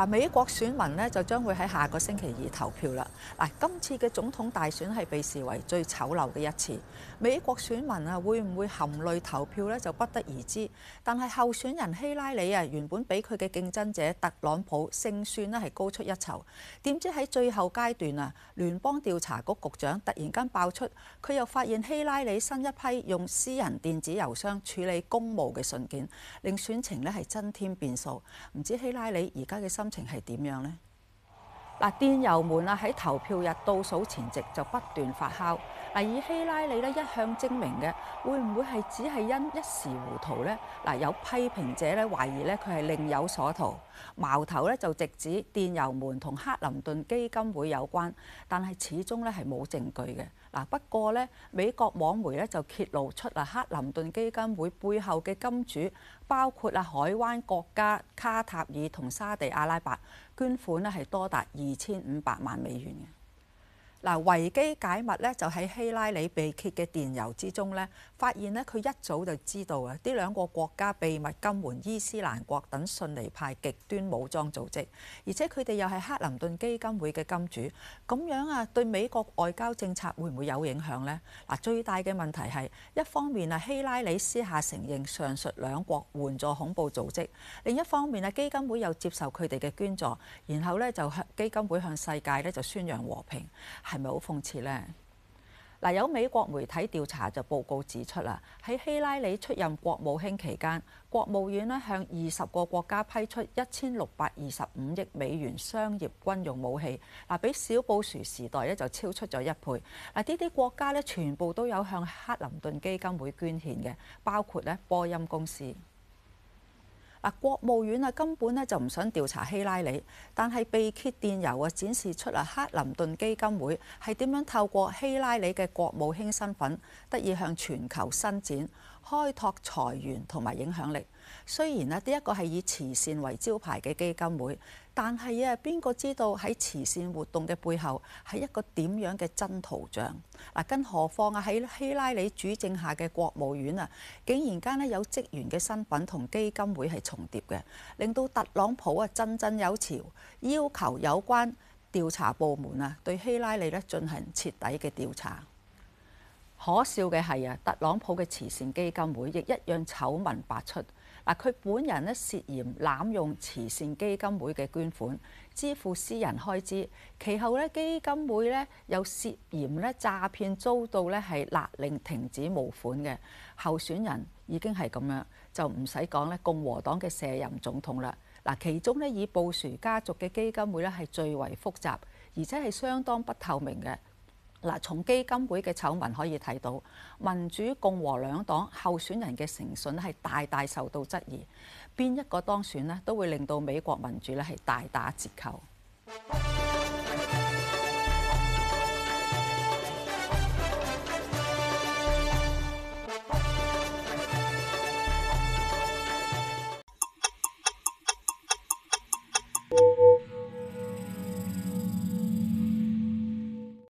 啊！美國選民咧就將會喺下個星期二投票啦。嗱，今次嘅總統大選係被視為最醜陋嘅一次。美國選民啊，會唔會含淚投票呢？就不得而知。但係候選人希拉里啊，原本比佢嘅競爭者特朗普勝算咧係高出一籌。點知喺最後階段啊，聯邦調查局局長突然間爆出，佢又發現希拉里新一批用私人電子郵箱處理公務嘅信件，令選情咧係增添變數。唔知希拉里而家嘅心情？情係點樣咧？嗱，電郵門啊，喺投票日倒數前夕就不斷發酵。嗱，以希拉里咧一向精明嘅，會唔會係只係因一時糊塗呢？嗱，有批評者咧懷疑咧佢係另有所圖，矛頭咧就直指電郵門同克林頓基金會有關，但係始終咧係冇證據嘅。嗱，不過咧美國網媒咧就揭露出啊克林頓基金會背後嘅金主包括啊海灣國家卡塔爾同沙地阿拉伯。捐款咧係多達二千五百萬美元嘅。嗱，維基解密咧就喺希拉里被揭嘅電郵之中咧，發現咧佢一早就知道啊！呢兩個國家秘密金援伊斯蘭國等遜尼派極端武裝組織，而且佢哋又係克林頓基金會嘅金主。咁樣啊，對美國外交政策會唔會有影響咧？嗱，最大嘅問題係一方面啊，希拉里私下承認上述兩國援助恐怖組織；另一方面啊，基金會又接受佢哋嘅捐助，然後咧就向基金會向世界咧就宣揚和平。係咪好諷刺呢？嗱，有美國媒體調查就報告指出啦，喺希拉里出任國務卿期間，國務院咧向二十個國家批出一千六百二十五億美元商業軍用武器，嗱，比小布殊時代咧就超出咗一倍嗱。呢啲國家咧全部都有向克林頓基金會捐獻嘅，包括咧波音公司。啊，國務院啊，根本咧就唔想調查希拉里，但係被揭電郵啊，展示出啊，克林頓基金會係點樣透過希拉里嘅國務卿身份，得以向全球伸展。開拓財源同埋影響力，雖然啊，呢一個係以慈善為招牌嘅基金會，但係啊，邊個知道喺慈善活動嘅背後係一個點樣嘅真圖像？嗱，更何況啊，喺希拉里主政下嘅國務院啊，竟然間咧有職員嘅身份同基金會係重疊嘅，令到特朗普啊振振有詞，要求有關調查部門啊對希拉里咧進行徹底嘅調查。可笑嘅係啊，特朗普嘅慈善基金會亦一樣醜聞百出。嗱，佢本人咧涉嫌濫用慈善基金會嘅捐款支付私人開支，其後咧基金會咧又涉嫌咧詐騙，遭到咧係勒令停止募款嘅候選人已經係咁樣，就唔使講咧共和黨嘅卸任總統啦。嗱，其中咧以布殊家族嘅基金會咧係最為複雜，而且係相當不透明嘅。嗱，從基金會嘅醜聞可以睇到，民主共和兩黨候選人嘅誠信係大大受到質疑，邊一個當選咧，都會令到美國民主咧係大打折扣。